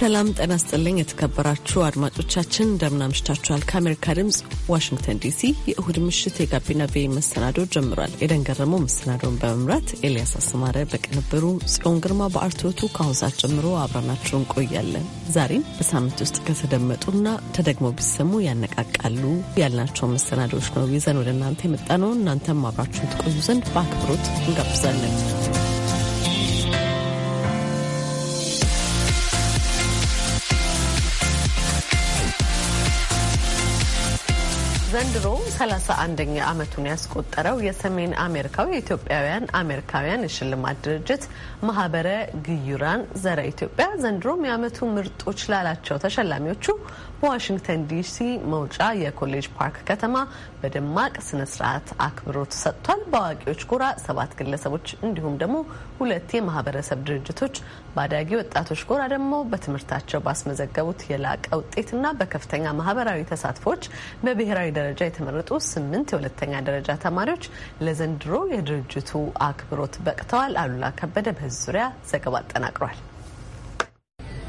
ሰላም ጤና ስጥልኝ። የተከበራችሁ አድማጮቻችን እንደምን አምሽታችኋል? ከአሜሪካ ድምፅ ዋሽንግተን ዲሲ የእሁድ ምሽት የጋቢና ቪ መሰናዶ ጀምሯል። ኤደን ገረመው መሰናዶውን በመምራት ኤልያስ አስማረ በቅንብሩ፣ ጽዮን ግርማ በአርትዖቱ ከአሁን ሰዓት ጀምሮ አብረናችሁ እንቆያለን። ዛሬም በሳምንት ውስጥ ከተደመጡና ተደግሞ ቢሰሙ ያነቃቃሉ ያልናቸውን መሰናዶዎች ነው ይዘን ወደ እናንተ የመጣነው። እናንተም አብራችሁን ትቆዩ ዘንድ በአክብሮት እንጋብዛለን። ዘንድሮ 31ኛ ዓመቱን ያስቆጠረው የሰሜን አሜሪካው የኢትዮጵያውያን አሜሪካውያን የሽልማት ድርጅት ማህበረ ግዩራን ዘረ ኢትዮጵያ ዘንድሮም የዓመቱ ምርጦች ላላቸው ተሸላሚዎቹ በዋሽንግተን ዲሲ መውጫ የኮሌጅ ፓርክ ከተማ በደማቅ ስነ ስርዓት አክብሮት ሰጥቷል። በአዋቂዎች ጎራ ሰባት ግለሰቦች እንዲሁም ደግሞ ሁለት የማህበረሰብ ድርጅቶች፣ በአዳጊ ወጣቶች ጎራ ደግሞ በትምህርታቸው ባስመዘገቡት የላቀ ውጤትና በከፍተኛ ማህበራዊ ተሳትፎች በብሔራዊ ደረጃ ደረጃ የተመረጡ ስምንት የሁለተኛ ደረጃ ተማሪዎች ለዘንድሮ የድርጅቱ አክብሮት በቅተዋል። አሉላ ከበደ በዚህ ዙሪያ ዘገባ አጠናቅሯል።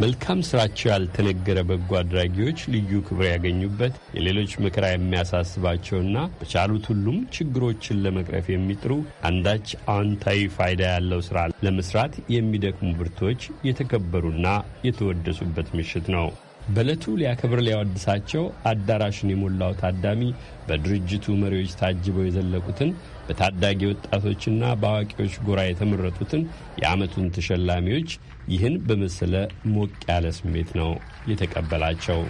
መልካም ስራቸው ያልተነገረ በጎ አድራጊዎች ልዩ ክብር ያገኙበት የሌሎች መከራ የሚያሳስባቸውና በቻሉት ሁሉም ችግሮችን ለመቅረፍ የሚጥሩ አንዳች አዎንታዊ ፋይዳ ያለው ስራ ለመስራት የሚደክሙ ብርቶች የተከበሩና የተወደሱበት ምሽት ነው። በዕለቱ ሊያከብር ሊያወድሳቸው አዳራሹን የሞላው ታዳሚ በድርጅቱ መሪዎች ታጅበው የዘለቁትን በታዳጊ ወጣቶችና በአዋቂዎች ጎራ የተመረጡትን የዓመቱን ተሸላሚዎች ይህን በመሰለ ሞቅ ያለ ስሜት ነው የተቀበላቸው።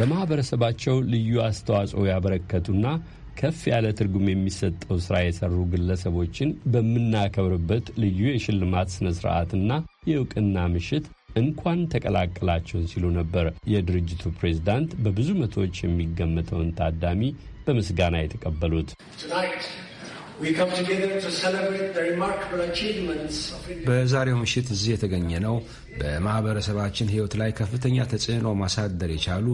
ለማኅበረሰባቸው ልዩ አስተዋጽኦ ያበረከቱና ከፍ ያለ ትርጉም የሚሰጠው ሥራ የሠሩ ግለሰቦችን በምናከብርበት ልዩ የሽልማት ሥነ ሥርዓትና የእውቅና ምሽት እንኳን ተቀላቀላችሁን ሲሉ ነበር የድርጅቱ ፕሬዝዳንት በብዙ መቶዎች የሚገመተውን ታዳሚ በምስጋና የተቀበሉት። በዛሬው ምሽት እዚህ የተገኘ ነው በማህበረሰባችን ሕይወት ላይ ከፍተኛ ተጽዕኖ ማሳደር የቻሉ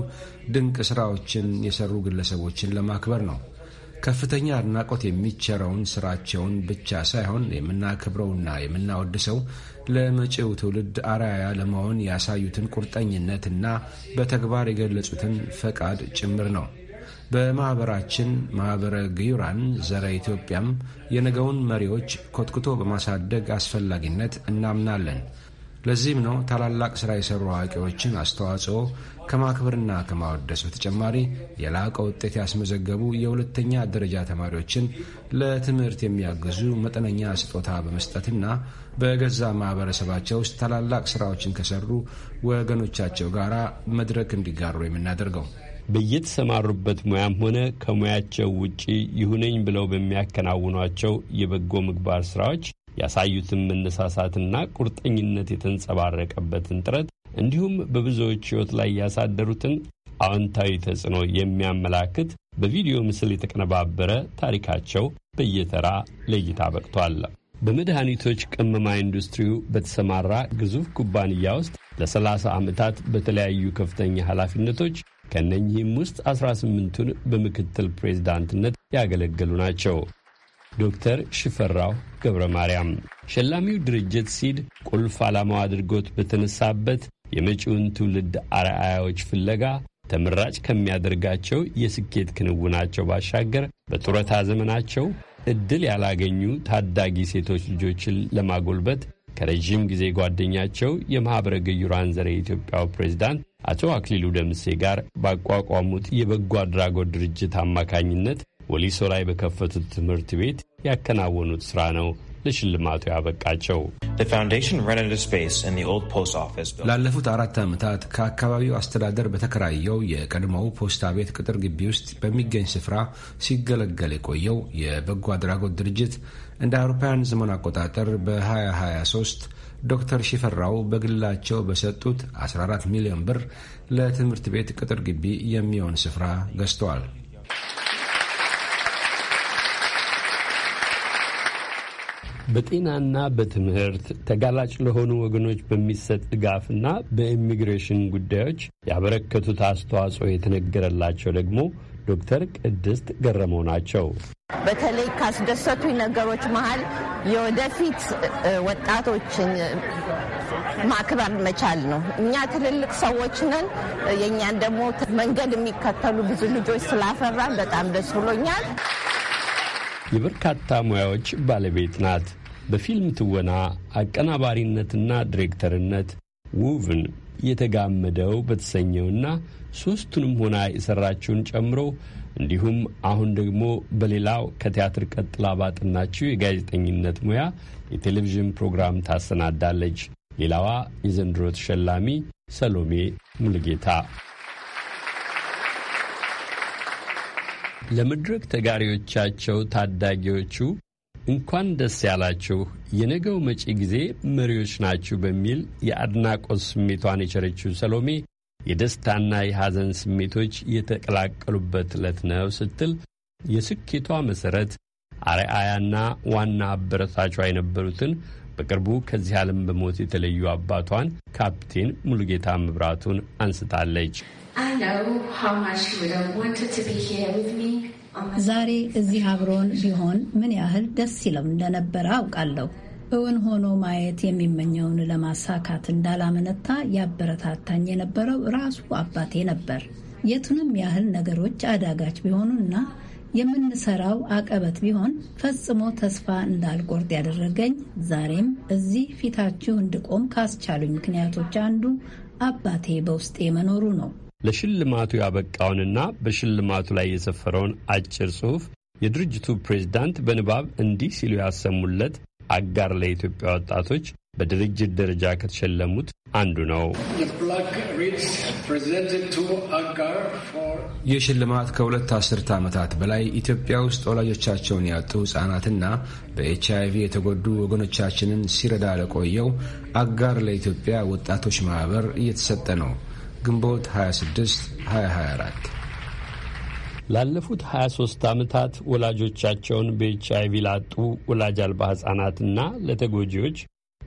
ድንቅ ስራዎችን የሰሩ ግለሰቦችን ለማክበር ነው። ከፍተኛ አድናቆት የሚቸረውን ስራቸውን ብቻ ሳይሆን የምናከብረውና የምናወድሰው ለመጪው ትውልድ አርአያ ለመሆን ያሳዩትን ቁርጠኝነትና በተግባር የገለጹትን ፈቃድ ጭምር ነው። በማኅበራችን ማኅበረ ግዩራን ዘረ ኢትዮጵያም የነገውን መሪዎች ኮትኩቶ በማሳደግ አስፈላጊነት እናምናለን። ለዚህም ነው ታላላቅ ሥራ የሠሩ አዋቂዎችን አስተዋጽኦ ከማክበርና ከማወደስ በተጨማሪ የላቀ ውጤት ያስመዘገቡ የሁለተኛ ደረጃ ተማሪዎችን ለትምህርት የሚያግዙ መጠነኛ ስጦታ በመስጠትና በገዛ ማኅበረሰባቸው ውስጥ ታላላቅ ሥራዎችን ከሠሩ ወገኖቻቸው ጋር መድረክ እንዲጋሩ የምናደርገው። በየተሰማሩበት ሙያም ሆነ ከሙያቸው ውጪ ይሁነኝ ብለው በሚያከናውኗቸው የበጎ ምግባር ሥራዎች ያሳዩትን መነሳሳትና ቁርጠኝነት የተንጸባረቀበትን ጥረት እንዲሁም በብዙዎች ሕይወት ላይ ያሳደሩትን አዎንታዊ ተጽዕኖ የሚያመላክት በቪዲዮ ምስል የተቀነባበረ ታሪካቸው በየተራ ለእይታ በቅቷል። በመድኃኒቶች ቅመማ ኢንዱስትሪው በተሰማራ ግዙፍ ኩባንያ ውስጥ ለ30 ዓመታት በተለያዩ ከፍተኛ ኃላፊነቶች ከእነኚህም ውስጥ 18ቱን በምክትል ፕሬዝዳንትነት ያገለገሉ ናቸው። ዶክተር ሽፈራው ገብረ ማርያም ሸላሚው ድርጅት ሲድ ቁልፍ ዓላማው አድርጎት በተነሳበት የመጪውን ትውልድ አርአያዎች ፍለጋ ተመራጭ ከሚያደርጋቸው የስኬት ክንውናቸው ባሻገር በጡረታ ዘመናቸው እድል ያላገኙ ታዳጊ ሴቶች ልጆችን ለማጎልበት ከረዥም ጊዜ ጓደኛቸው የማኅበረ ግዩራን ዘረ የኢትዮጵያው ፕሬዝዳንት አቶ አክሊሉ ደምሴ ጋር ባቋቋሙት የበጎ አድራጎት ድርጅት አማካኝነት ወሊሶ ላይ በከፈቱት ትምህርት ቤት ያከናወኑት ስራ ነው ለሽልማቱ ያበቃቸው። ላለፉት አራት ዓመታት ከአካባቢው አስተዳደር በተከራየው የቀድሞው ፖስታ ቤት ቅጥር ግቢ ውስጥ በሚገኝ ስፍራ ሲገለገል የቆየው የበጎ አድራጎት ድርጅት እንደ አውሮፓውያን ዘመን አቆጣጠር በ2023 ዶክተር ሽፈራው በግላቸው በሰጡት 14 ሚሊዮን ብር ለትምህርት ቤት ቅጥር ግቢ የሚሆን ስፍራ ገዝተዋል። በጤናና በትምህርት ተጋላጭ ለሆኑ ወገኖች በሚሰጥ ድጋፍና በኢሚግሬሽን ጉዳዮች ያበረከቱት አስተዋጽኦ የተነገረላቸው ደግሞ ዶክተር ቅድስት ገረመው ናቸው። በተለይ ካስደሰቱኝ ነገሮች መሀል የወደፊት ወጣቶችን ማክበር መቻል ነው። እኛ ትልልቅ ሰዎች ነን። የእኛን ደግሞ መንገድ የሚከተሉ ብዙ ልጆች ስላፈራን በጣም ደስ ብሎኛል። የበርካታ ሙያዎች ባለቤት ናት። በፊልም ትወና አቀናባሪነትና ዲሬክተርነት ውቭን የተጋመደው በተሰኘውና ሦስቱንም ሆና የሠራችውን ጨምሮ እንዲሁም አሁን ደግሞ በሌላው ከቲያትር ቀጥላ ባጥናችው የጋዜጠኝነት ሙያ የቴሌቪዥን ፕሮግራም ታሰናዳለች። ሌላዋ የዘንድሮ ተሸላሚ ሰሎሜ ሙልጌታ ለመድረክ ተጋሪዎቻቸው ታዳጊዎቹ እንኳን ደስ ያላችሁ የነገው መጪ ጊዜ መሪዎች ናችሁ በሚል የአድናቆት ስሜቷን የቸረችው ሰሎሜ የደስታና የሐዘን ስሜቶች የተቀላቀሉበት ዕለት ነው ስትል የስኬቷ መሠረት አርአያና ዋና አበረታቿ የነበሩትን በቅርቡ ከዚህ ዓለም በሞት የተለዩ አባቷን ካፕቴን ሙሉጌታ መብራቱን አንስታለች። Oh ዛሬ እዚህ አብሮን ቢሆን ምን ያህል ደስ ይለው እንደነበረ አውቃለሁ። እውን ሆኖ ማየት የሚመኘውን ለማሳካት እንዳላመነታ ያበረታታኝ የነበረው ራሱ አባቴ ነበር። የቱንም ያህል ነገሮች አዳጋች ቢሆኑና የምንሰራው አቀበት ቢሆን ፈጽሞ ተስፋ እንዳልቆርጥ ያደረገኝ ዛሬም እዚህ ፊታችሁ እንድቆም ካስቻሉኝ ምክንያቶች አንዱ አባቴ በውስጤ መኖሩ ነው። ለሽልማቱ ያበቃውንና በሽልማቱ ላይ የሰፈረውን አጭር ጽሑፍ የድርጅቱ ፕሬዝዳንት በንባብ እንዲህ ሲሉ ያሰሙለት አጋር ለኢትዮጵያ ወጣቶች በድርጅት ደረጃ ከተሸለሙት አንዱ ነው። ይህ ሽልማት ከሁለት አስርት ዓመታት በላይ ኢትዮጵያ ውስጥ ወላጆቻቸውን ያጡ ሕፃናትና በኤች አይቪ የተጎዱ ወገኖቻችንን ሲረዳ ለቆየው አጋር ለኢትዮጵያ ወጣቶች ማኅበር እየተሰጠ ነው። ግንቦት 26 2024 ላለፉት 23 ዓመታት ወላጆቻቸውን በኤች አይ ቪ ላጡ ወላጅ አልባ ሕፃናትና ለተጎጂዎች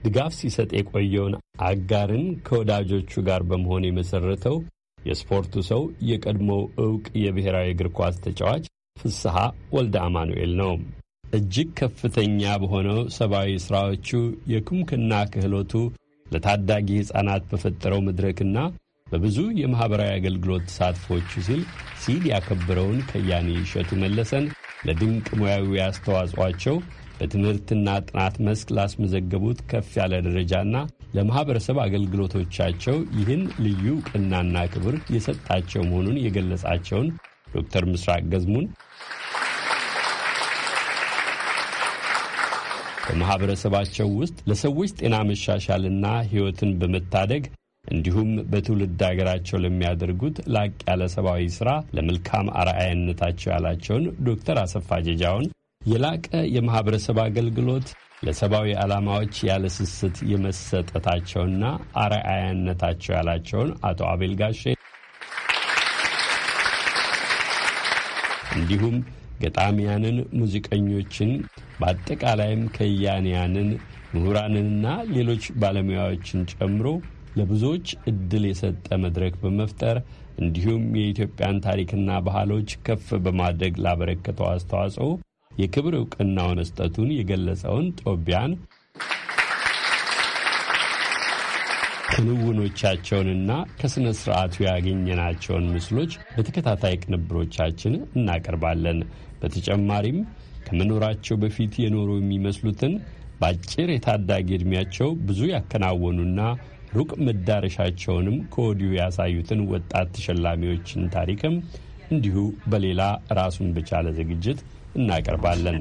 ድጋፍ ሲሰጥ የቆየውን አጋርን ከወዳጆቹ ጋር በመሆን የመሠረተው የስፖርቱ ሰው የቀድሞው እውቅ የብሔራዊ እግር ኳስ ተጫዋች ፍስሐ ወልደ አማኑኤል ነው። እጅግ ከፍተኛ በሆነው ሰብአዊ ሥራዎቹ የኩምክና ክህሎቱ ለታዳጊ ሕፃናት በፈጠረው መድረክና በብዙ የማኅበራዊ አገልግሎት ተሳትፎች ሲል ሲል ያከብረውን ከያኔ እሸቱ መለሰን ለድንቅ ሙያዊ አስተዋጽኦአቸው በትምህርትና ጥናት መስክ ላስመዘገቡት ከፍ ያለ ደረጃና ለማኅበረሰብ አገልግሎቶቻቸው ይህን ልዩ ዕውቅናና ክብር የሰጣቸው መሆኑን የገለጻቸውን ዶክተር ምስራቅ ገዝሙን በማኅበረሰባቸው ውስጥ ለሰዎች ጤና መሻሻልና ሕይወትን በመታደግ እንዲሁም በትውልድ ሀገራቸው ለሚያደርጉት ላቅ ያለ ሰብአዊ ስራ ለመልካም አርአያነታቸው ያላቸውን ዶክተር አሰፋ ጀጃውን የላቀ የማህበረሰብ አገልግሎት ለሰብአዊ ዓላማዎች ያለ ስስት የመሰጠታቸውና አርአያነታቸው ያላቸውን አቶ አቤል ጋሼ እንዲሁም ገጣሚያንን፣ ሙዚቀኞችን፣ በአጠቃላይም ከያንያንን፣ ምሁራንንና ሌሎች ባለሙያዎችን ጨምሮ ለብዙዎች እድል የሰጠ መድረክ በመፍጠር እንዲሁም የኢትዮጵያን ታሪክና ባህሎች ከፍ በማድረግ ላበረከተው አስተዋጽኦ የክብር እውቅናውን እስጠቱን የገለጸውን ጦቢያን ክንውኖቻቸውንና ከሥነ ሥርዓቱ ያገኘናቸውን ምስሎች በተከታታይ ቅንብሮቻችን እናቀርባለን። በተጨማሪም ከመኖራቸው በፊት የኖሩ የሚመስሉትን በአጭር የታዳጊ ዕድሜያቸው ብዙ ያከናወኑና ሩቅ መዳረሻቸውንም ከወዲሁ ያሳዩትን ወጣት ተሸላሚዎችን ታሪክም እንዲሁ በሌላ ራሱን በቻለ ዝግጅት እናቀርባለን።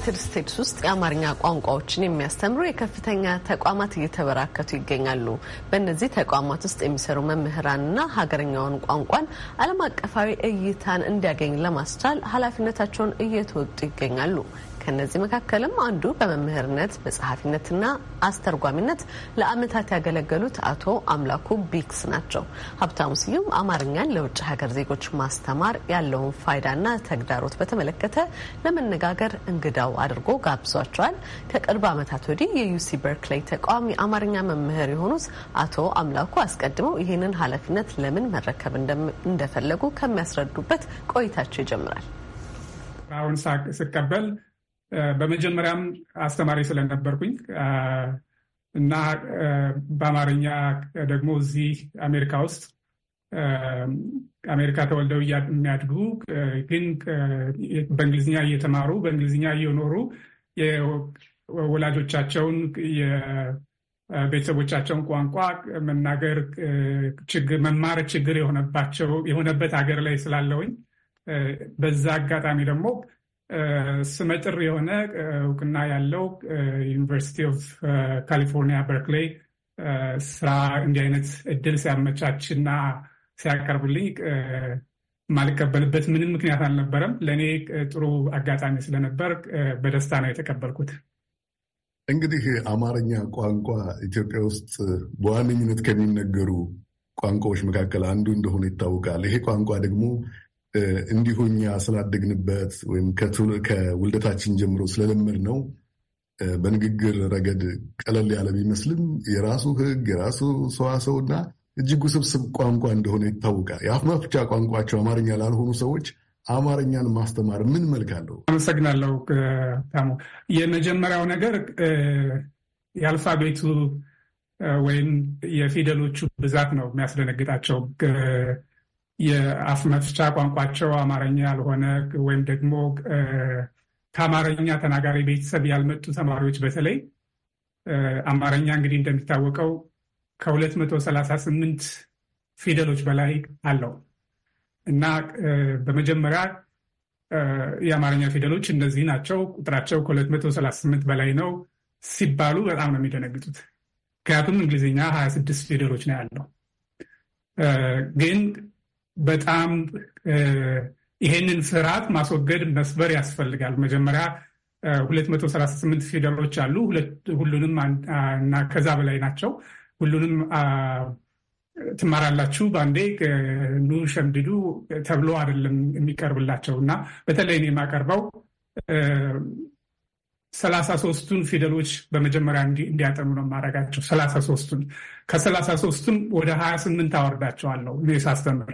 ዩናይትድ ስቴትስ ውስጥ የአማርኛ ቋንቋዎችን የሚያስተምሩ የከፍተኛ ተቋማት እየተበራከቱ ይገኛሉ። በእነዚህ ተቋማት ውስጥ የሚሰሩ መምህራንና ሀገርኛውን ቋንቋን ዓለም አቀፋዊ እይታን እንዲያገኝ ለማስቻል ኃላፊነታቸውን እየተወጡ ይገኛሉ። ከእነዚህ መካከልም አንዱ በመምህርነት በጸሐፊነትና አስተርጓሚነት ለዓመታት ያገለገሉት አቶ አምላኩ ቢክስ ናቸው። ሀብታሙ ስዩም አማርኛን ለውጭ ሀገር ዜጎች ማስተማር ያለውን ፋይዳና ተግዳሮት በተመለከተ ለመነጋገር እንግዳው አድርጎ ጋብዟቸዋል። ከቅርብ ዓመታት ወዲህ የዩሲ በርክላይ ተቋም የአማርኛ መምህር የሆኑት አቶ አምላኩ አስቀድመው ይህንን ኃላፊነት ለምን መረከብ እንደፈለጉ ከሚያስረዱበት ቆይታቸው ይጀምራል። አሁን ስቀበል በመጀመሪያም አስተማሪ ስለነበርኩኝ እና በአማርኛ ደግሞ እዚህ አሜሪካ ውስጥ አሜሪካ ተወልደው የሚያድጉ ግን በእንግሊዝኛ እየተማሩ በእንግሊዝኛ እየኖሩ ወላጆቻቸውን የቤተሰቦቻቸውን ቋንቋ መናገር መማር ችግር የሆነባቸው የሆነበት ሀገር ላይ ስላለውኝ በዛ አጋጣሚ ደግሞ ስመጥር የሆነ እውቅና ያለው ዩኒቨርሲቲ ኦፍ ካሊፎርኒያ በርክሌይ ስራ እንዲህ አይነት እድል ሲያመቻችና ሲያቀርብልኝ ማልቀበልበት ምንም ምክንያት አልነበረም። ለእኔ ጥሩ አጋጣሚ ስለነበር በደስታ ነው የተቀበልኩት። እንግዲህ አማርኛ ቋንቋ ኢትዮጵያ ውስጥ በዋነኝነት ከሚነገሩ ቋንቋዎች መካከል አንዱ እንደሆነ ይታወቃል። ይሄ ቋንቋ ደግሞ እንዲሁ እኛ ስላደግንበት ወይም ከውልደታችን ጀምሮ ስለለመድ ነው በንግግር ረገድ ቀለል ያለ ቢመስልም የራሱ ህግ የራሱ እና እጅግ ውስብስብ ቋንቋ እንደሆነ ይታወቃል። የአፍ መፍቻ ቋንቋቸው አማርኛ ላልሆኑ ሰዎች አማርኛን ማስተማር ምን መልክ አለው? አመሰግናለሁ የመጀመሪያው ነገር የአልፋቤቱ ወይም የፊደሎቹ ብዛት ነው የሚያስደነግጣቸው። የአፍ መፍቻ ቋንቋቸው አማርኛ ያልሆነ ወይም ደግሞ ከአማርኛ ተናጋሪ ቤተሰብ ያልመጡ ተማሪዎች በተለይ አማርኛ እንግዲህ እንደሚታወቀው ከ238 ፊደሎች በላይ አለው እና በመጀመሪያ የአማርኛ ፊደሎች እነዚህ ናቸው፣ ቁጥራቸው ከ238 በላይ ነው ሲባሉ በጣም ነው የሚደነግጡት። ምክንያቱም እንግሊዝኛ 26 ፊደሎች ነው ያለው ግን በጣም ይሄንን ፍርሃት ማስወገድ መስበር ያስፈልጋል። መጀመሪያ 238 ፊደሎች አሉ። ሁሉንም እና ከዛ በላይ ናቸው። ሁሉንም ትማራላችሁ በአንዴ ኑ ሸምድዱ ተብሎ አይደለም የሚቀርብላቸው እና በተለይ እኔ የማቀርበው ሰላሳ ሶስቱን ፊደሎች በመጀመሪያ እንዲያጠኑ ነው የማደርጋቸው። ሰላሳ ሶስቱን ከሰላሳ ሶስቱን ወደ ሀያ ስምንት አወርዳቸዋለሁ እኔ ሳስተምር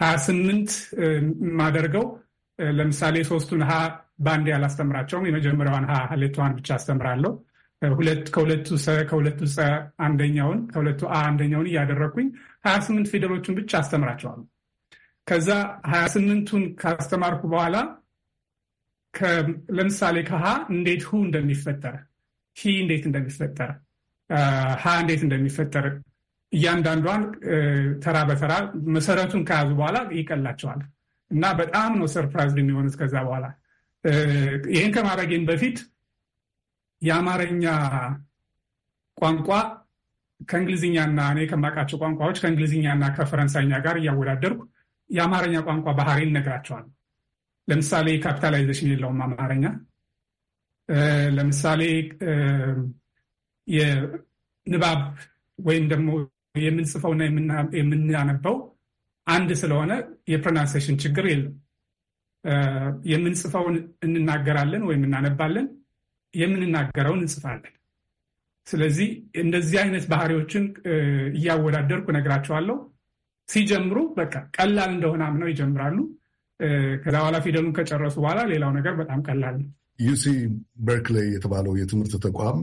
ሀያ ስምንት የማደርገው ለምሳሌ ሶስቱን ሀ በአንድ አላስተምራቸውም። የመጀመሪያዋን ሀ ሌቷን ብቻ አስተምራለሁ። ከሁለቱ ሰ ከሁለቱ ፀ አንደኛውን ከሁለቱ አ አንደኛውን እያደረግኩኝ ሀያ ስምንት ፊደሎቹን ብቻ አስተምራቸዋለሁ። ከዛ ሀያ ስምንቱን ካስተማርኩ በኋላ ለምሳሌ ከሀ እንዴት ሁ እንደሚፈጠር ሂ እንዴት እንደሚፈጠር ሀ እንዴት እንደሚፈጠር እያንዳንዷን ተራ በተራ መሰረቱን ከያዙ በኋላ ይቀላቸዋል እና በጣም ነው ሰርፕራይዝ የሚሆኑት ከዛ በኋላ። ይህን ከማድረጌን በፊት የአማርኛ ቋንቋ ከእንግሊዝኛና እኔ ከማውቃቸው ቋንቋዎች ከእንግሊዝኛና ከፈረንሳይኛ ጋር እያወዳደርኩ የአማርኛ ቋንቋ ባህሪን ነግራቸዋል። ለምሳሌ ካፒታላይዜሽን የለውም አማርኛ። ለምሳሌ የንባብ ወይም ደግሞ የምንጽፈውና የምናነበው አንድ ስለሆነ የፕሮናንሴሽን ችግር የለም። የምንጽፈውን እንናገራለን ወይም እናነባለን፣ የምንናገረውን እንጽፋለን። ስለዚህ እንደዚህ አይነት ባህሪዎችን እያወዳደርኩ ነግራቸዋለሁ። ሲጀምሩ በቃ ቀላል እንደሆነ አምነው ይጀምራሉ። ከዛ በኋላ ፊደሉን ከጨረሱ በኋላ ሌላው ነገር በጣም ቀላል ነው። ዩሲ በርክሌይ የተባለው የትምህርት ተቋም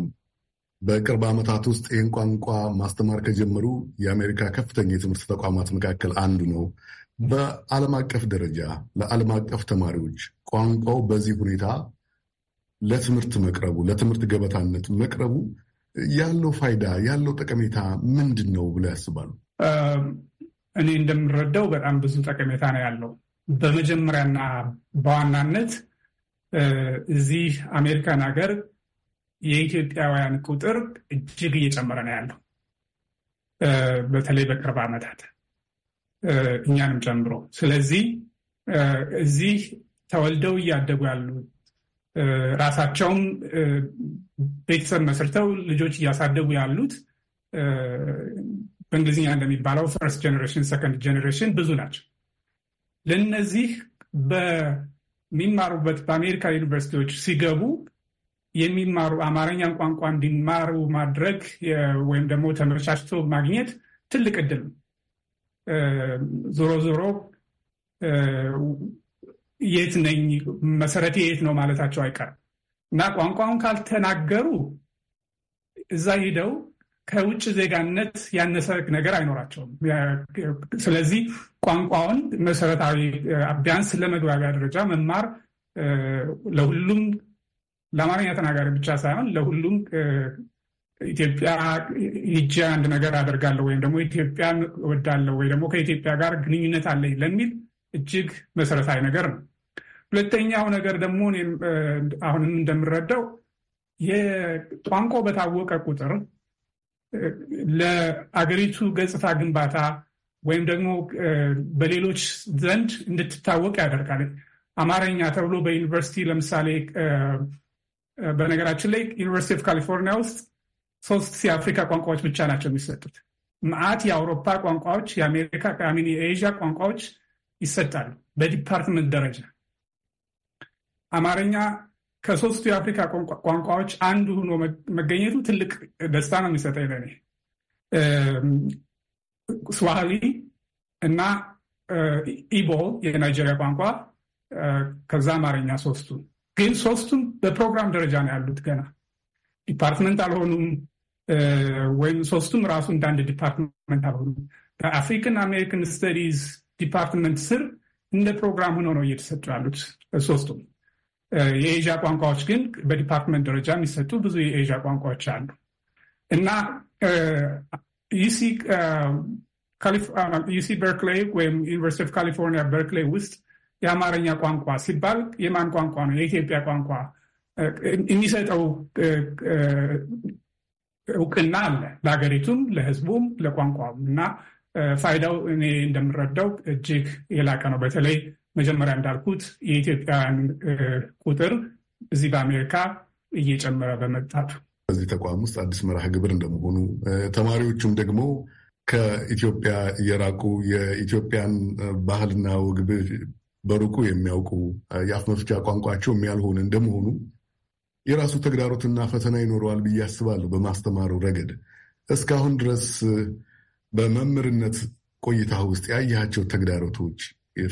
በቅርብ ዓመታት ውስጥ ይህን ቋንቋ ማስተማር ከጀመሩ የአሜሪካ ከፍተኛ የትምህርት ተቋማት መካከል አንዱ ነው። በዓለም አቀፍ ደረጃ ለዓለም አቀፍ ተማሪዎች ቋንቋው በዚህ ሁኔታ ለትምህርት መቅረቡ ለትምህርት ገበታነት መቅረቡ ያለው ፋይዳ ያለው ጠቀሜታ ምንድን ነው ብለው ያስባሉ? እኔ እንደምረዳው በጣም ብዙ ጠቀሜታ ነው ያለው። በመጀመሪያና በዋናነት እዚህ አሜሪካን ሀገር የኢትዮጵያውያን ቁጥር እጅግ እየጨመረ ነው ያለው። በተለይ በቅርብ ዓመታት እኛንም ጨምሮ። ስለዚህ እዚህ ተወልደው እያደጉ ያሉት ራሳቸውም ቤተሰብ መስርተው ልጆች እያሳደጉ ያሉት በእንግሊዝኛ እንደሚባለው ፈርስት ጀኔሬሽን፣ ሰከንድ ጀኔሬሽን ብዙ ናቸው። ለነዚህ በሚማሩበት በአሜሪካ ዩኒቨርሲቲዎች ሲገቡ የሚማሩ አማርኛን ቋንቋ እንዲማሩ ማድረግ ወይም ደግሞ ተመቻችቶ ማግኘት ትልቅ እድል ነው። ዞሮ ዞሮ የት ነኝ መሰረቴ የት ነው ማለታቸው አይቀርም እና ቋንቋውን ካልተናገሩ እዛ ሄደው ከውጭ ዜጋነት ያነሰ ነገር አይኖራቸውም። ስለዚህ ቋንቋውን መሰረታዊ ቢያንስ ለመግባቢያ ደረጃ መማር ለሁሉም ለአማርኛ ተናጋሪ ብቻ ሳይሆን ለሁሉም ኢትዮጵያ ሄጄ አንድ ነገር አደርጋለሁ ወይም ደግሞ ኢትዮጵያን እወዳለሁ ወይ ደግሞ ከኢትዮጵያ ጋር ግንኙነት አለኝ ለሚል እጅግ መሰረታዊ ነገር ነው። ሁለተኛው ነገር ደግሞ አሁንም እንደምረዳው የቋንቋ በታወቀ ቁጥር ለአገሪቱ ገጽታ ግንባታ ወይም ደግሞ በሌሎች ዘንድ እንድትታወቅ ያደርጋል። አማርኛ ተብሎ በዩኒቨርሲቲ ለምሳሌ በነገራችን ላይ ዩኒቨርሲቲ ኦፍ ካሊፎርኒያ ውስጥ ሶስት የአፍሪካ ቋንቋዎች ብቻ ናቸው የሚሰጡት። መዓት የአውሮፓ ቋንቋዎች፣ የአሜሪካ የኤዥያ ቋንቋዎች ይሰጣሉ በዲፓርትመንት ደረጃ። አማርኛ ከሶስቱ የአፍሪካ ቋንቋዎች አንዱ ሆኖ መገኘቱ ትልቅ ደስታ ነው የሚሰጠኝ ለእኔ። ስዋሂሊ እና ኢቦ የናይጄሪያ ቋንቋ ከዛ አማርኛ ሶስቱ ግን ሶስቱም በፕሮግራም ደረጃ ነው ያሉት። ገና ዲፓርትመንት አልሆኑም፣ ወይም ሶስቱም ራሱ እንዳንድ ዲፓርትመንት አልሆኑም። በአፍሪካን አሜሪካን ስተዲዝ ዲፓርትመንት ስር እንደ ፕሮግራም ሆነው ነው እየተሰጡ ያሉት ሶስቱም። የኤዥያ ቋንቋዎች ግን በዲፓርትመንት ደረጃ የሚሰጡ ብዙ የኤዥያ ቋንቋዎች አሉ እና ዩሲ በርክሌይ ወይም ዩኒቨርሲቲ ኦፍ ካሊፎርኒያ በርክሌይ ውስጥ የአማርኛ ቋንቋ ሲባል የማን ቋንቋ ነው? የኢትዮጵያ ቋንቋ የሚሰጠው እውቅና አለ ለሀገሪቱም፣ ለህዝቡም ለቋንቋውም እና ፋይዳው እኔ እንደምረዳው እጅግ የላቀ ነው። በተለይ መጀመሪያ እንዳልኩት የኢትዮጵያውያን ቁጥር እዚህ በአሜሪካ እየጨመረ በመጣቱ በዚህ ተቋም ውስጥ አዲስ መርሃ ግብር እንደመሆኑ ተማሪዎቹም ደግሞ ከኢትዮጵያ እየራቁ የኢትዮጵያን ባህልና ወግብ በሩቁ የሚያውቁ የአፍ መፍቻ ቋንቋቸውም እንደመሆኑ የራሱ ተግዳሮትና ፈተና ይኖረዋል ብዬ አስባለሁ። በማስተማሩ ረገድ እስካሁን ድረስ በመምህርነት ቆይታ ውስጥ ያያቸው ተግዳሮቶች፣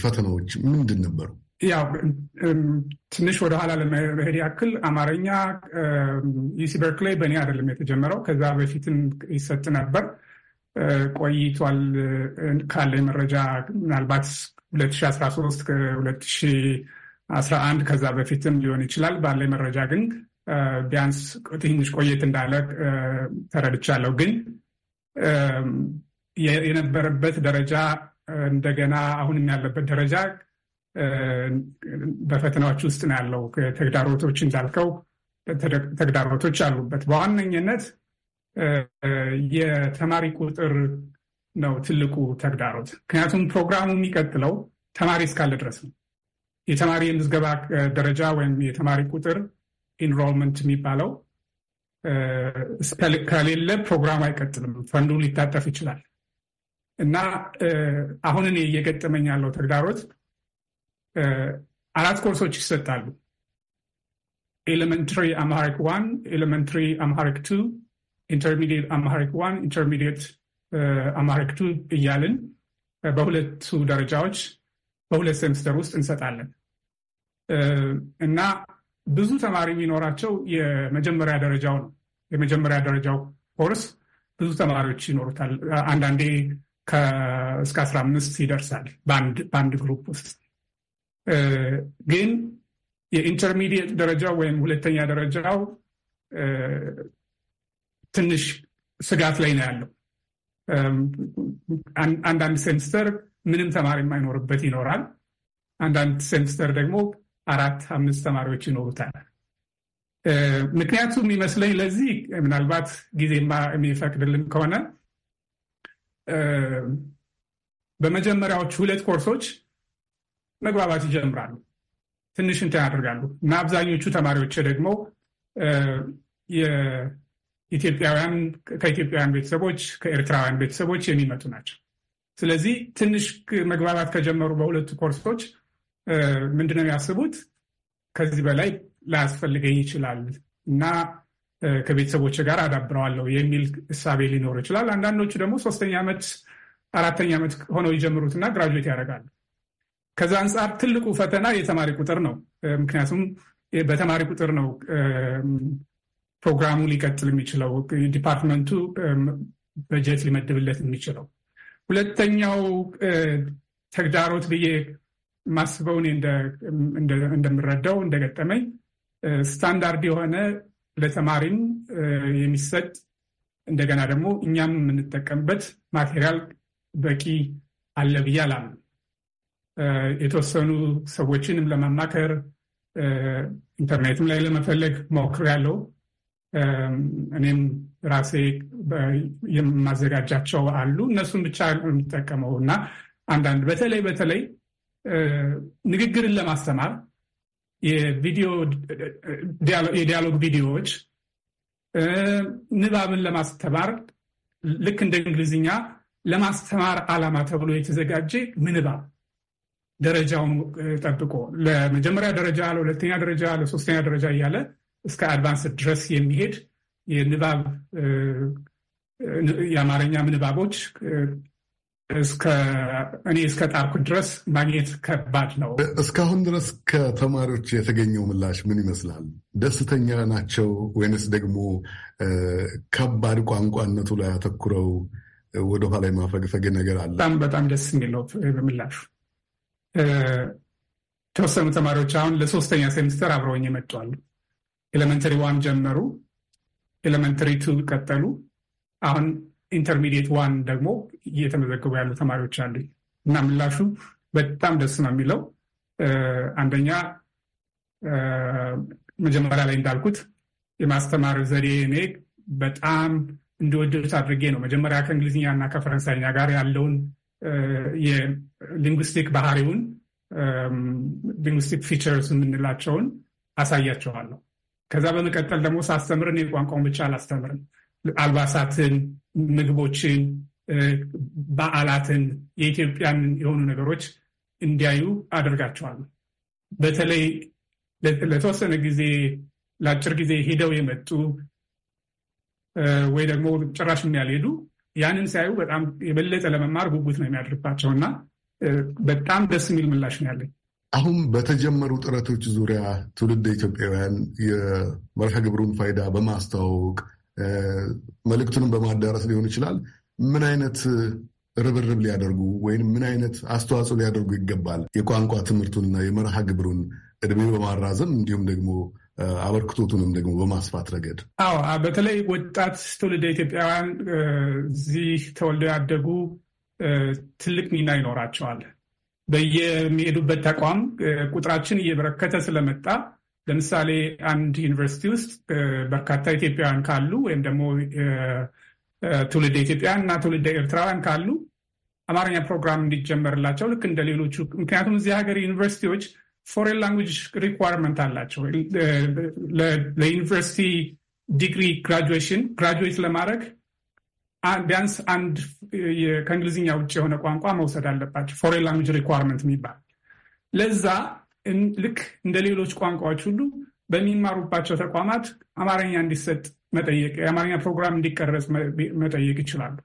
ፈተናዎች ምንድን ነበሩ? ያው ትንሽ ወደ ኋላ ለመሄድ ያክል አማርኛ ዩሲ በርክሌይ በእኔ አይደለም የተጀመረው። ከዛ በፊትም ይሰጥ ነበር ቆይቷል። ካለ መረጃ ምናልባት 2013 2011 ከዛ በፊትም ሊሆን ይችላል። ባለ መረጃ ግን ቢያንስ ትንሽ ቆየት እንዳለ ተረድቻለሁ። ግን የነበረበት ደረጃ እንደገና አሁንም ያለበት ደረጃ በፈተናዎች ውስጥ ነው ያለው። ተግዳሮቶች እንዳልከው ተግዳሮቶች አሉበት። በዋነኝነት የተማሪ ቁጥር ነው ትልቁ ተግዳሮት። ምክንያቱም ፕሮግራሙ የሚቀጥለው ተማሪ እስካለ ድረስ ነው። የተማሪ የምዝገባ ደረጃ ወይም የተማሪ ቁጥር ኢንሮልመንት የሚባለው ከሌለ ፕሮግራሙ አይቀጥልም። ፈንዱ ሊታጠፍ ይችላል። እና አሁን እኔ እየገጠመኝ ያለው ተግዳሮት አራት ኮርሶች ይሰጣሉ። ኤሌመንትሪ አምሃሪክ ዋን፣ ኤሌመንትሪ አምሃሪክ ቱ፣ ኢንተርሚዲየት አምሃሪክ ዋን፣ ኢንተርሚዲየት አማረክቱ እያልን በሁለቱ ደረጃዎች በሁለት ሴምስተር ውስጥ እንሰጣለን እና ብዙ ተማሪ የሚኖራቸው የመጀመሪያ ደረጃው ነው። የመጀመሪያ ደረጃው ኮርስ ብዙ ተማሪዎች ይኖሩታል። አንዳንዴ እስከ አስራ አምስት ይደርሳል በአንድ ግሩፕ ውስጥ ግን የኢንተርሚዲየት ደረጃው ወይም ሁለተኛ ደረጃው ትንሽ ስጋት ላይ ነው ያለው። አንዳንድ ሴምስተር ምንም ተማሪ የማይኖርበት ይኖራል። አንዳንድ ሴምስተር ደግሞ አራት አምስት ተማሪዎች ይኖሩታል። ምክንያቱም ይመስለኝ ለዚህ ምናልባት ጊዜማ የሚፈቅድልን ከሆነ በመጀመሪያዎቹ ሁለት ኮርሶች መግባባት ይጀምራሉ፣ ትንሽ እንትን ያደርጋሉ እና አብዛኞቹ ተማሪዎች ደግሞ ኢትዮጵያውያን ከኢትዮጵያውያን ቤተሰቦች ከኤርትራውያን ቤተሰቦች የሚመጡ ናቸው። ስለዚህ ትንሽ መግባባት ከጀመሩ በሁለቱ ኮርሶች ምንድነው የሚያስቡት ከዚህ በላይ ላያስፈልገኝ ይችላል እና ከቤተሰቦች ጋር አዳብረዋለሁ የሚል እሳቤ ሊኖር ይችላል። አንዳንዶቹ ደግሞ ሶስተኛ ዓመት አራተኛ ዓመት ሆነው ይጀምሩትና ግራጁዌት ያደርጋሉ። ከዛ አንጻር ትልቁ ፈተና የተማሪ ቁጥር ነው። ምክንያቱም በተማሪ ቁጥር ነው ፕሮግራሙ ሊቀጥል የሚችለው ዲፓርትመንቱ በጀት ሊመድብለት የሚችለው። ሁለተኛው ተግዳሮት ብዬ ማስበውን እንደምረዳው እንደገጠመኝ ስታንዳርድ የሆነ ለተማሪም የሚሰጥ እንደገና ደግሞ እኛም የምንጠቀምበት ማቴሪያል በቂ አለ ብዬ አላምንም። የተወሰኑ ሰዎችንም ለማማከር ኢንተርኔትም ላይ ለመፈለግ ያለው። እኔም ራሴ የማዘጋጃቸው አሉ። እነሱን ብቻ የሚጠቀመው እና አንዳንድ በተለይ በተለይ ንግግርን ለማስተማር የዲያሎግ ቪዲዮዎች፣ ንባብን ለማስተማር ልክ እንደ እንግሊዝኛ ለማስተማር ዓላማ ተብሎ የተዘጋጀ ምንባብ ደረጃውን ጠብቆ ለመጀመሪያ ደረጃ፣ ለሁለተኛ ደረጃ፣ ለሶስተኛ ደረጃ እያለ እስከ አድቫንስ ድረስ የሚሄድ የንባብ የአማርኛ ንባቦች እኔ እስከ ጣርኩ ድረስ ማግኘት ከባድ ነው። እስካሁን ድረስ ከተማሪዎች የተገኘው ምላሽ ምን ይመስላል? ደስተኛ ናቸው ወይንስ ደግሞ ከባድ ቋንቋነቱ ላይ አተኩረው ወደኋላ የማፈግፈግ ነገር አለ? በጣም በጣም ደስ የሚል ነው በምላሹ። የተወሰኑ ተማሪዎች አሁን ለሶስተኛ ሴምስተር አብረውኝ ይመጡዋሉ። ኤሌመንተሪ ዋን ጀመሩ፣ ኤሌመንተሪ ቱ ቀጠሉ። አሁን ኢንተርሚዲየት ዋን ደግሞ እየተመዘገቡ ያሉ ተማሪዎች አሉ እና ምላሹ በጣም ደስ ነው የሚለው አንደኛ መጀመሪያ ላይ እንዳልኩት የማስተማር ዘዴ እኔ በጣም እንዲወደዱት አድርጌ ነው። መጀመሪያ ከእንግሊዝኛ እና ከፈረንሳይኛ ጋር ያለውን የሊንጉስቲክ ባህሪውን ሊንጉስቲክ ፊቸርስ የምንላቸውን አሳያቸዋለሁ። ከዛ በመቀጠል ደግሞ ሳስተምር የቋንቋውን ቋንቋውን ብቻ አላስተምርም። አልባሳትን፣ ምግቦችን፣ በዓላትን፣ የኢትዮጵያን የሆኑ ነገሮች እንዲያዩ አደርጋቸዋለሁ። በተለይ ለተወሰነ ጊዜ ለአጭር ጊዜ ሄደው የመጡ ወይ ደግሞ ጭራሽ የሚያልሄዱ ያንን ሲያዩ በጣም የበለጠ ለመማር ጉጉት ነው የሚያድርባቸው እና በጣም ደስ የሚል ምላሽ ነው ያለኝ። አሁን በተጀመሩ ጥረቶች ዙሪያ ትውልድ ኢትዮጵያውያን የመርሃ ግብሩን ፋይዳ በማስተዋወቅ መልእክቱንም በማዳረስ ሊሆን ይችላል። ምን አይነት ርብርብ ሊያደርጉ ወይም ምን አይነት አስተዋጽኦ ሊያደርጉ ይገባል? የቋንቋ ትምህርቱንና የመርሃ ግብሩን እድሜ በማራዘም እንዲሁም ደግሞ አበርክቶቱንም ደግሞ በማስፋት ረገድ። አዎ፣ በተለይ ወጣት ትውልደ ኢትዮጵያውያን እዚህ ተወልደው ያደጉ ትልቅ ሚና ይኖራቸዋል። በየሚሄዱበት ተቋም ቁጥራችን እየበረከተ ስለመጣ ለምሳሌ አንድ ዩኒቨርሲቲ ውስጥ በርካታ ኢትዮጵያውያን ካሉ ወይም ደግሞ ትውልድ ኢትዮጵያውያን እና ትውልድ ኤርትራውያን ካሉ አማርኛ ፕሮግራም እንዲጀመርላቸው ልክ እንደ ሌሎቹ ምክንያቱም እዚህ ሀገር ዩኒቨርሲቲዎች ፎሬን ላንጉጅ ሪኳርመንት አላቸው። ለዩኒቨርሲቲ ዲግሪ ግራጁዌሽን ግራጁዌት ለማድረግ ቢያንስ አንድ ከእንግሊዝኛ ውጭ የሆነ ቋንቋ መውሰድ አለባቸው። ፎሬን ላንጉጅ ሪኳርመንት የሚባል ለዛ ልክ እንደ ሌሎች ቋንቋዎች ሁሉ በሚማሩባቸው ተቋማት አማርኛ እንዲሰጥ መጠየቅ፣ የአማርኛ ፕሮግራም እንዲቀረጽ መጠየቅ ይችላሉ።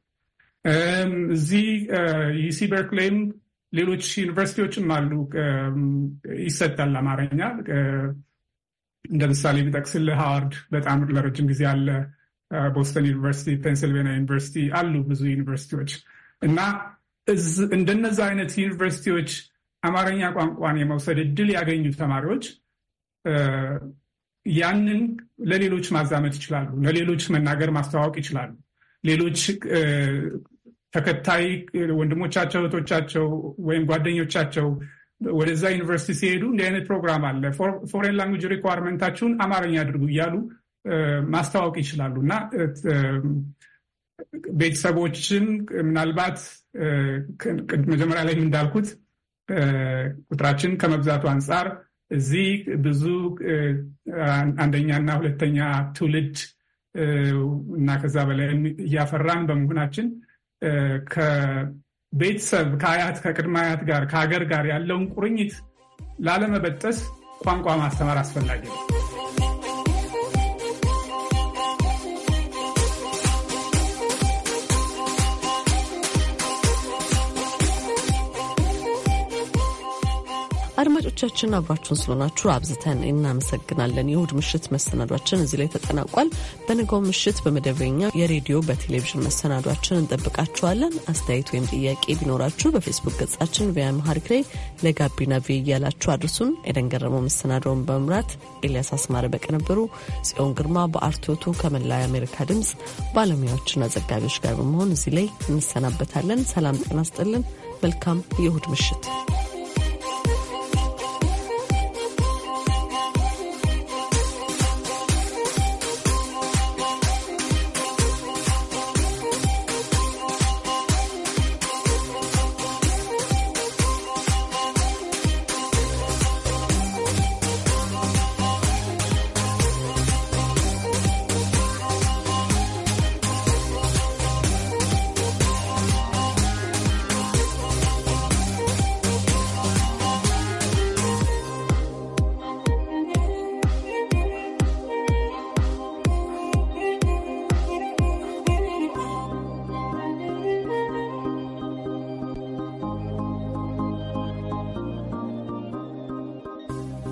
እዚህ ዩሲ በርክሌይም ሌሎች ዩኒቨርሲቲዎችም አሉ ይሰጣል አማርኛ። እንደ ምሳሌ ሃዋርድ በጣም ለረጅም ጊዜ አለ። ቦስተን ዩኒቨርሲቲ፣ ፔንሲልቬኒያ ዩኒቨርሲቲ አሉ ብዙ ዩኒቨርሲቲዎች እና እንደነዛ አይነት ዩኒቨርሲቲዎች አማርኛ ቋንቋን የመውሰድ እድል ያገኙ ተማሪዎች uh, ያንን ለሌሎች ማዛመት ይችላሉ። ለሌሎች መናገር ማስተዋወቅ ይችላሉ። ሌሎች uh, ተከታይ ወንድሞቻቸው፣ እህቶቻቸው ወይም ጓደኞቻቸው ወደዛ ዩኒቨርሲቲ ሲሄዱ እንዲህ አይነት ፕሮግራም አለ፣ ፎሬን ላንጉጅ ሪኳርመንታችሁን አማርኛ አድርጉ እያሉ ማስተዋወቅ ይችላሉ እና ቤተሰቦችን ምናልባት መጀመሪያ ላይ እንዳልኩት ቁጥራችን ከመብዛቱ አንጻር እዚህ ብዙ አንደኛና ሁለተኛ ትውልድ እና ከዛ በላይ እያፈራን በመሆናችን ከቤተሰብ ከአያት ከቅድመ አያት ጋር ከሀገር ጋር ያለውን ቁርኝት ላለመበጠስ ቋንቋ ማስተማር አስፈላጊ ነው። አድማጮቻችን አብራችሁን ስለሆናችሁ አብዝተን እናመሰግናለን። የእሁድ ምሽት መሰናዷችን እዚህ ላይ ተጠናቋል። በንጋው ምሽት በመደበኛ የሬዲዮ በቴሌቪዥን መሰናዷችን እንጠብቃችኋለን። አስተያየት ወይም ጥያቄ ቢኖራችሁ በፌስቡክ ገጻችን ቪያምሃሪክ ላይ ለጋቢና ቪ እያላችሁ አድርሱን። ኤደን ገረመው መሰናዷውን በመምራት ኤልያስ አስማረ በቅንብሩ፣ ጽዮን ግርማ በአርቶቱ ከመላ የአሜሪካ ድምፅ ባለሙያዎችና ዘጋቢዎች ጋር በመሆን እዚህ ላይ እንሰናበታለን። ሰላም ጤና ስጥልን። መልካም የእሁድ ምሽት